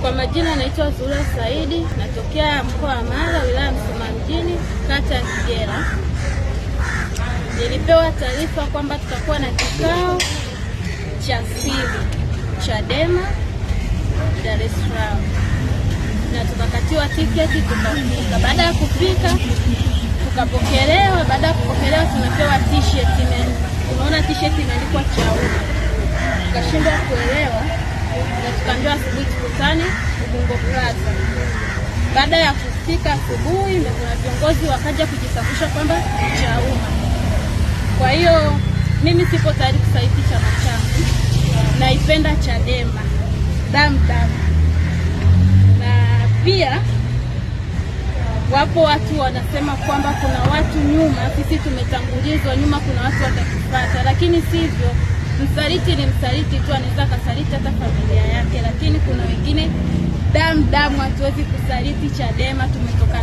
Kwa majina naitwa zura Saidi, natokea mkoa wa Mara, wilaya ya Msoma mjini, kata ya Kigera. Nilipewa taarifa kwamba tutakuwa na kikao cha siri Chadema Dar es Salaam na tukakatiwa tiketi tukafika. Baada ya kufika tukapokelewa. Baada ya kupokelewa, tumepewa t-shirt, unaona t-shirt imeandikwa Chauma, tukashindwa kuelewa mtaani Ubungo Plaza. Baada ya kufika asubuhi, ndio kuna viongozi wakaja kujisafisha kwamba chauma. Kwa hiyo mimi sipo tayari kusaliti chama changu, naipenda Chadema damdamu, na pia wapo watu wanasema kwamba kuna watu nyuma, sisi tumetangulizwa nyuma, kuna watu watakupata, lakini sivyo. Msaliti ni msaliti tu, anaweza akasaliti hata familia yake, lakini kuna damu, hatuwezi kusaliti Chadema, tumetoka